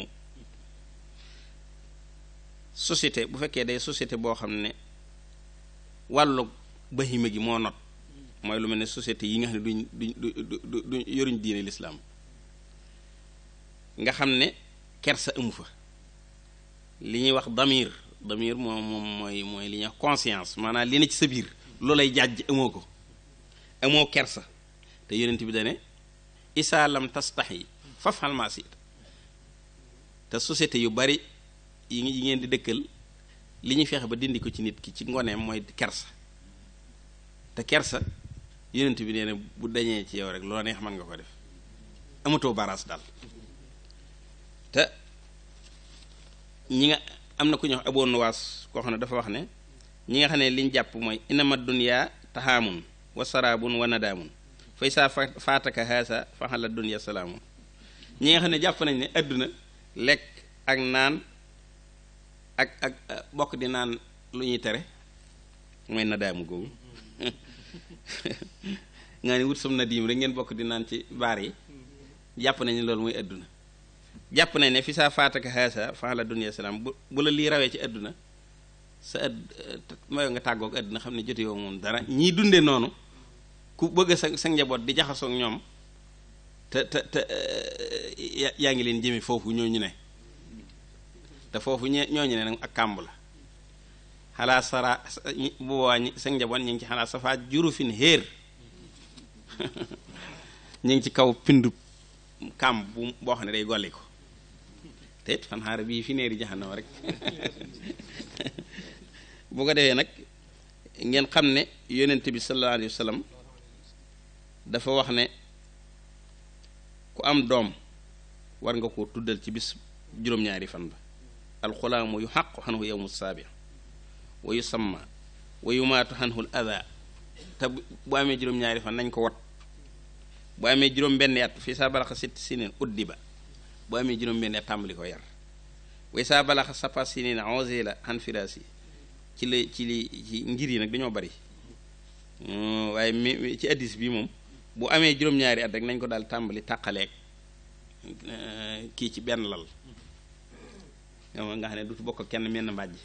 bu fekkee day société boo xam ne wàllu bahima gi mooy lu mel ne société yi nga xam ne duñ duñ du duñ yoruñ diine lislaam nga xam ne kersa ëmb fa li ñuy wax damir damir moom moom mooy mooy li ñuy wax conscience maanaam li ne ci sa biir loolay jàjj amoo ko amoo kersa te yonent bi dane isaa tastaxi fafal te société yu bari yi ngeen di dëkkal li ñuy fexe ba dindi ko ci nit ki ci ngoneem mooy kersa te kersa yonent bi nee bu dañee ci yow rek loo neex mën nga ko def amatoo baras daal te ñi nga am na ku ñuy wax aboon waas koo xam ne dafa wax ne ñi nga xam ne liñ jàpp mooy inama dunya taxaamun wa saraabun wa nadaamun fay saa faataka haasa faxala ñi nga xam ne jàpp nañ ne àdduna lekk ak naan ak ak bokk di naan lu ñuy tere mooy nadaamu googu nga ne wut sum na diim rek ngeen bokk di naan ci baar yi jàpp nañ ne loolu mooy adduna jàpp nañ ne fi saa faataka haasa fa la dunya lii rawee ci adduna sa ëdd eh, mooy nga tàggoog adduna xam ne jote yow moom dara ñii dunde noonu ku bëgg sa sa njaboot di jaxasook ñoom te te te eh, yaa ngi leen jëme foofu ñooñu ne te foofu ñooñu ne nag ak kàmb la xalaa sara bu boobaa ñi sag ñu ngi ci xalaa safaa jurufin héer ñu ngi ci kaw pindu kam bu boo xam ne day golli ko te it fan xaar bii fi neeri jaxanama rek bu ko defee nag ngeen xam ne yonent bi sallallahu alayhi dafa wax ne ku am doom war nga koo tuddal ci bis juróom-ñaari fan ba alxulaamu yu xàqu xan hu yowmu saabi wa yu samma wa yu maatu xanhul ada te bu amee juróom-ñaari fan nañ ko wat bu amee juróom-benn at fii saa balaxa sit sinin uddi ba bu amee juróom-benn at tàmbali ko yar way saa balaxa safa sinin onze la xan firaasi ci la ci li ci ngir yi nag dañoo bari hmm, waaye mi ci addis bi moom bu amee juróom-ñaari at rek nañ ko daal tàmbali tàqaleeg eh, kii ci benn lal nga xam ne du bokk kenn menn mbàjj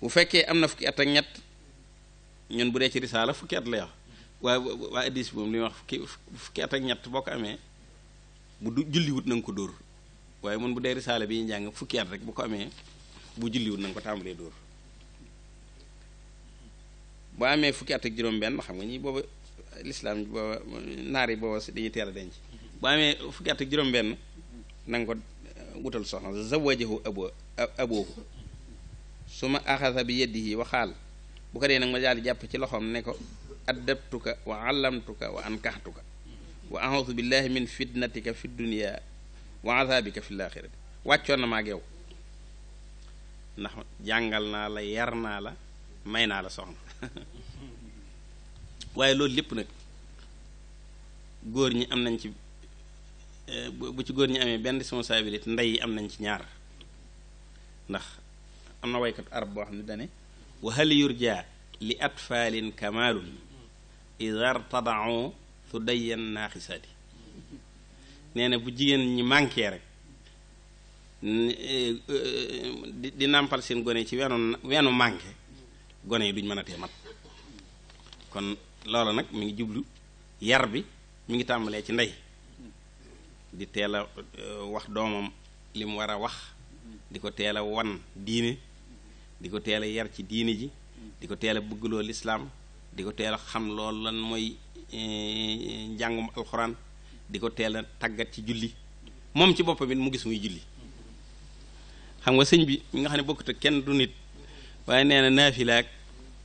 bu fekkee am na fukki at ak ñett ñun bu dee ci risaala fukki at lay wax waaye waa addis moom li wax fukki fukki at ak ñett boo ko amee bu du julliwut na ko dóor waaye man bu dee risaala bi ñu jàng fukki at rek bu ko amee bu julliwut na ko tàmbalee dóor boo amee fukki at ak juróom-benn xam nga ñi booba lislaam booba naar yi booba dañuy teel a denc boo amee fukki at ak ko wutal soxna zawajahu su ma axasa bi yeddihi wa xaal bu ko dee nag ma daal di jàpp ci loxoom ne ko addabtuka wa allamtuka wa ankaxtuka wa axusu billahi min fitnatika fi dunia wa azabika fi laaxirati wàccoon na ma ak ndax jàngal naa la yar naa la may naa la soxna waaye loolu lépp nag góor ñi am nañ ci eh, bu ci góor ñi amee benn responsabilité ndey yi am nañ ci ñaar ndax am na waykat arab boo xam ne dane wa hal yurja li atfaalin kamaalun idar tadao su dayyan naaxisaati nee na bu jigéen ñi manqué rek di nàmpal seen gone ci weenu weenu manqué gone yi duñ mën a tee mat kon loolu nag mi ngi jublu yar bi mi ngi tàmbalee ci ndey di teel a euh, wax doomam li mu war a wax di ko teel a wan diine di ko teel a yar ci diini ji di ko teel a bëggloo lislaam di ko teela xam loolu lan mooy eh, njàngum alxuraan di ko teel a tàggat ci julli moom ci boppam it mu gis muy julli xam nga sëñ bi mi nga xam ne bokkut kenn du nit waaye nee na naafilaak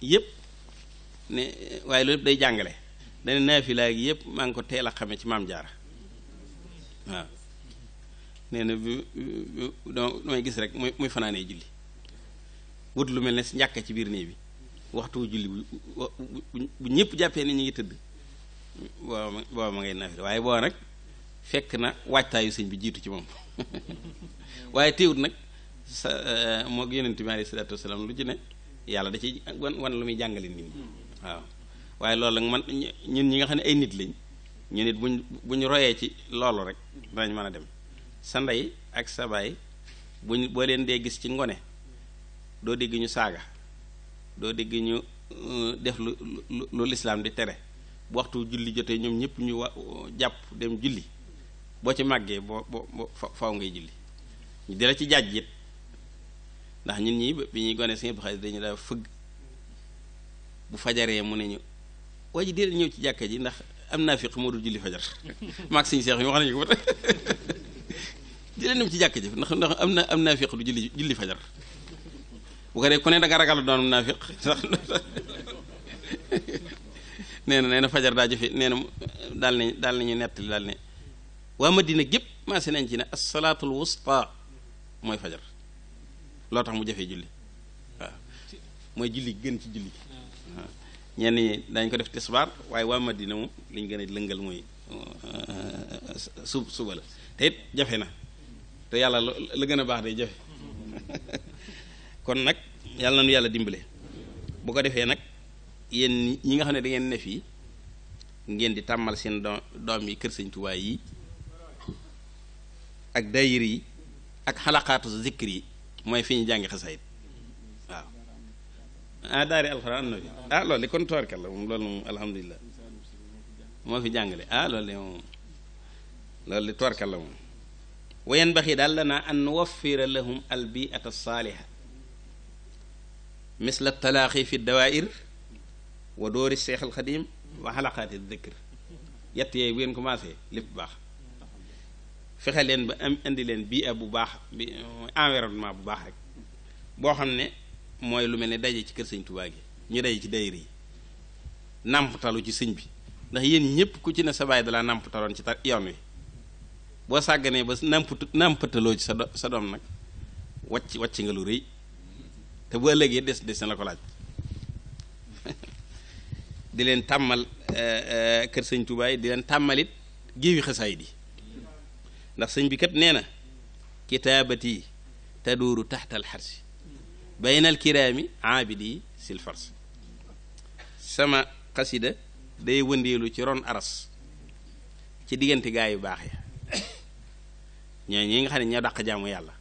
yépp ne waaye loolu yépp day jàngale dana naafilaak yépp maa ngi ko teel a xame ci maam jaara waaw nee na bi damay gis rek muy muy fanaanee julli wut lu mel ne si njàkka ci biir néeg bi waxtu julli bu bu ñëpp jàppee ni ñu ngi tëdd booba ma booba ma ngay waaye booba nag fekk na waajtaayu sëñ bi jiitu ci moom waaye téewut nag sa eh, moo yonent bi alayhi salaatu lu ci ne yàlla da ci wan wan lu muy jàngale nit ñi waaw waaye loolu nag man ñun ñi nga xam ne ay nit lañ ñu nit buñ bu royee ci loolu rek danañ mën a dem sa ndey ak sa baay buñ boo leen dee gis ci ngone doo dégg ñu saaga doo dégg ñu euh, def lu lu lislaam di tere bu waxtu julli jotee ñoom ñëpp ñu wa jàpp dem julli boo ci màggee boo boo faw ngay julli ñu di ci jaaj it ndax ñun ñi bi ñuy gone si xarit dañu daa fëgg bu fajaree mu ne ñu waa ji dee ñëw ci jàkka ji ndax am naa fiq moo dul julli fajar maag suñu seex yi wax nañu ko ba tey di leen dem ci jàkka ji ndax ndax am na am naa fiq du julli julli fajar bu ko dee ku ne da nga ragal doon munaafiq sax nee na nee fajar daa jëfe nee na daal nañ daal nañu nettali daal ne waa Madina gépp maase nañ ci ne assalaatul wusta mooy fajar loo tax mu jafee julli waaw mooy julli gën ci julli waaw ñi dañ ko def tisbaar waaye waa Madina moom li ñu gën a lëngal mooy euh, sub suba la te it jafe na te yàlla la gën a baax day jafe kon nag yàlla na nu yàlla dimbale bu ko defee nag yéen ñi nga xam ne dangeen ngeen ne fii ngeen di tàmmal seen doom yi kër sëñ Tuubaa yi ak dayir yi ak xalaqaatu zikr yi mooy fi ñu jàngi xasaayit waaw ah daari alxuraan am na fi ah loolu moom loolu moom alhamdulilah jàngale ah loolu de moom loolu de toorkal la moom wayan baxi daal lanaa an nuwaffira lahum albiata saaliha misla talaaxi fi dawaayir wa doori seex al xadiim wa xalaqaati dikr yett yooyu bu ngeen commencé lépp baax fexe leen ba am indi leen bii bu baax bi environnement bu baax rek boo xam ne mooy lu mel ne daje ci kër sëñ Tuubaa gi ñu daje ci dayri yi talu ci sëñ bi ndax yéen ñëpp ku ci ne sa baay dalaa nàmpataloon ci ta yoon wi boo sàgganee ba nàmp nàmpataloo ci sa do sa doom nag wàcc wàcc nga lu rëy te bu ëllëgee des des na la ko laaj di leen tàmmal eh, eh, kër sëñ Tuubaa di leen tàmmalit géewi xasaay di ndax sëñ bi kat nee na kitaabati taduuru taxta alxarsi baynal kiraami aabidi sil fars sama xasida day wëndeelu ci ron aras ci diggante gaa yu baax ya ñoo ñi nga xam ne ñoo dàq jaamu yàlla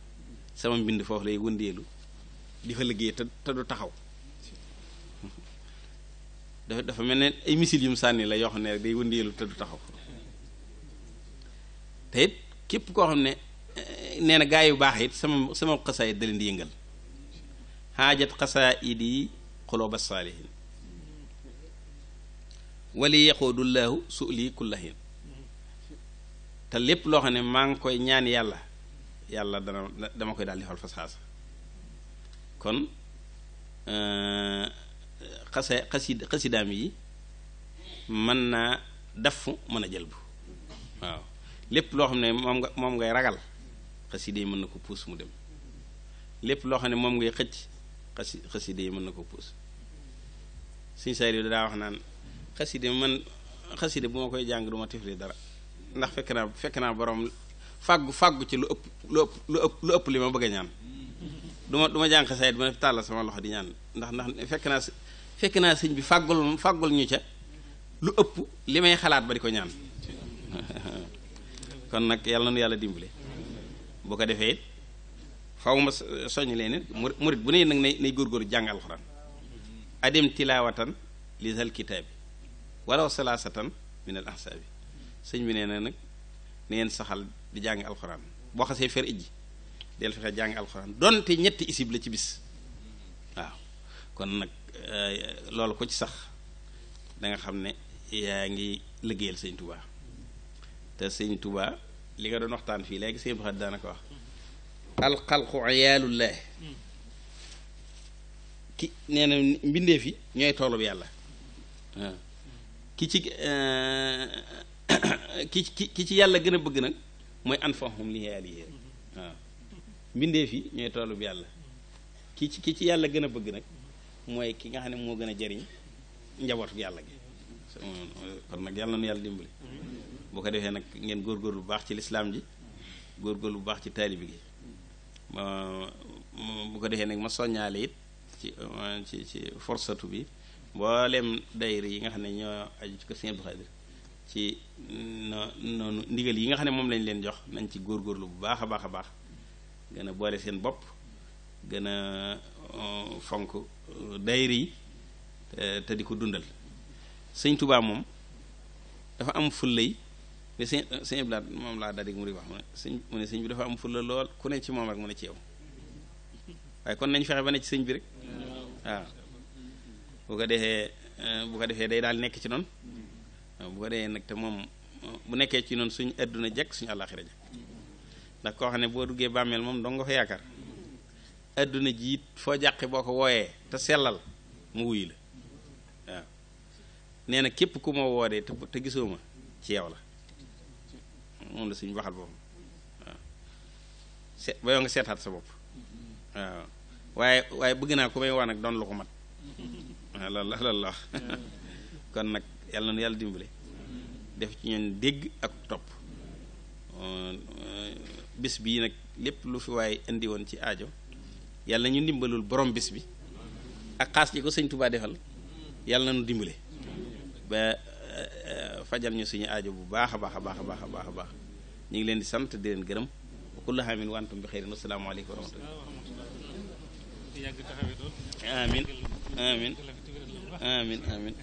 sama mbind foofu lay wëndeelu di fa liggéey te du taxaw dafa dafa mel ne ay missiles yum mu sànni la yoo xam ne rek day wëndeelu te du taxaw te képp koo xam ne eh, nee na gaa yu baax it sama sama xasaayit da leen di yëngal xaajat xasaayit yi xulooba saalihin wali yaxoodullaahu suuli kullahin te lépp loo xam ne maa ngi koy ñaan yàlla yàlla dana dama koy daal di xool fa saasa kon euh, xase xasid xasidaam yi mën naa daf mën a jël bu waaw lépp loo xam ne moom nga moom ngay ragal xaside yi mën na ko puus mu dem lépp loo xam ne moom ngay xëcc xasi xaside yi mën na ko puus suñ saa yi daa wax naan xaside man xaside bu ma koy jàng du ma tifli dara ndax fekk naa fekk naa borom fàggu fàggu ci lu ëpp lu ëpp lu ëpp lu ëpp li ma bëgg a ñaan du duma du ma jàng xasaayit ma def tàllal sama loxo di ñaan ndax ndax fekk naa fekk naa sëñ bi fàggul fàggul ñu ca lu ëpp li may xalaat ba di ko ñaan kon nag yàlla na yàlla dimbale boo ko defee it faw ma soññ leen it murit bu ne nag nay nay góorgóorlu jàng alxuraan adim tilaawatan li zal kitaabi walaw salaasatan min bi nee na nag neen saxal di jàng alxuraan boo xasee fer ijji del fexe jàng alxuraan donte ñetti isib la ci bis waaw kon nag eh, loolu ko ci sax da nga xam ne yaa ngi liggéeyal sëñ Touba te sëñ Touba li nga doon waxtaan fii léegi sëñ Baxat daanaka wax alxalqu ayaalullaah ki nee na mbindeef yi ñooy toolub yàlla ki ci eh, ki ki ci yàlla gën a bëgg nag mooy anfahum li yaalihi mbindeef yi ñooy bi yàlla ki ci ki ci yàlla gën a bëgg nag mooy ki nga xam ne moo gën a jariñ njabootu yàlla gi kon nag yàlla na yàlla dimbali boo ko defee nag ngeen góor góorgóorlu bu baax ci lislaam ji góorgóorlu bu baax ci taalibi gi bu ko defee nag ma soññaale it ci forsatu bi mboolem dayri yi nga xam ne ñoo aju ci ko Sëñ Abdu Xaadir ci no noonu ndigal yi nga xam ne moom lañ leen jox nañ ci góorgóorlu bu baax a baax a baax gën a boole seen bopp gën a euh, fonk euh, dayri yi te di ko dundal sëñ Tuubaa moom dafa am fulla yi ne sëñ euh, bi laa moom laa daal mu di wax sëñ mu sëñ bi dafa am fulla lool ku ne ci moom rek mu ne ci yow waaye kon nañ fexe ba ne ci sëñ bi rek waaw bu ko defee bu ko defee day daal nekk ci noonu bu ko dee nag te moom bu nekkee ci noon suñ àdduna jekk suñ àllaaxira jekk ndax koo xam ne boo duggee bàmmeel moom dong nga fa yaakaar adduna ji it foo jàqe boo ko wooyee te sellal mu wuyu la waaw nee na képp ku ma woodee te te gisoo ma ci yow la moom la suñu waxal boobu waaw se ba sa bopp waaw waaye waaye bëgg naa ku may wax nag doon lu ko mat loolu loolu la kon nag yàlla na yàlla dimbale def ci ñoom dégg ak topp bis bii nag lépp lu fi waaye indi woon ci aajo yàlla ñu ndimbalul boroom bis bi ak xaas ji ko sëñ Touba defal yàlla nañu dimbale ba euh, fajal ñu suñu aajo bu baax a baax a baax a baax a baax a baax ñu ngi leen di sant di leen gërëm wa kullu aamin wa antum bi xeyrin asalaamaaleykum wa rahmatullah amin amin amin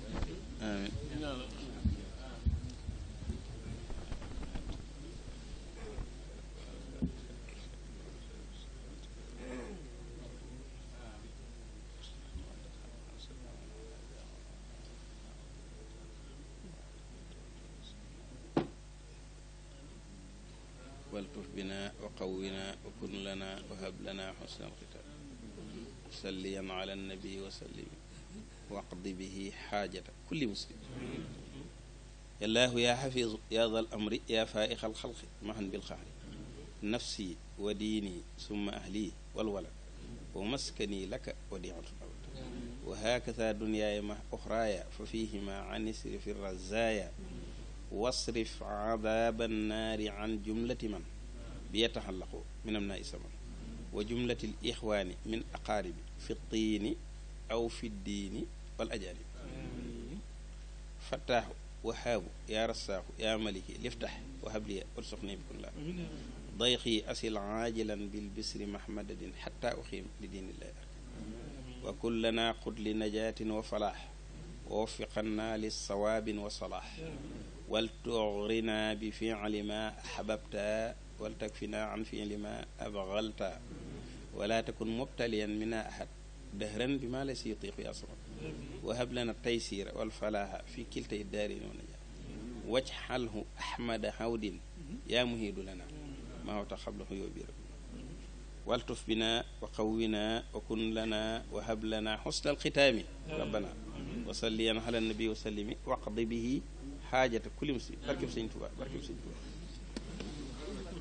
أعنا وقونا وكن لنا وهب لنا حسن الختام صليا على النبي وسلم واقض به حاجة كل مسلم يا الله يا حفيظ يا ذا الأمر يا فائق الخلق معا بالقهر نفسي وديني ثم أهلي والولد ومسكني لك وديعة الأرض وهكذا دنياي مع أخرايا ففيهما عن اسرف الرزايا واصرف عذاب النار عن جملة من bi yataxallaqu minam naa isaman wa jumlatil ixwaani min aqaaribi fi tiini aw fi diini wal ajaanib fattaaxu wahaabu yaa rassaaxu yaa maliki liftax wahabliya wal soxni bi kun laa dayqi asil aajilan bil bisri mahmadadin xatta uxiim li diinillahi arkan wa kullana qud li najaatin wa falaax wa wafiqanna lis sawaabin wa salaax wal tuxrina bi fiili ma ahbabta wal takfina an fii lima abgalta wala takun mubtaliyan mina ahad dahran bi ma la si yutiqu yasra wa hab lana taysira wal falaha fi kiltay daarin wa najaa wajxalhu ahmada hawdin yaa muhiidu lana maa wata xablahu yoo biir waltuf bina wa qawwina wa kun lana wa hab lana xusna alxitaami rabbana wa salliyan ala nabi wa sallimi waqdi bihi xaajata kulli muslim barkib sëñ Tuubaa barkib sëñ Tuubaa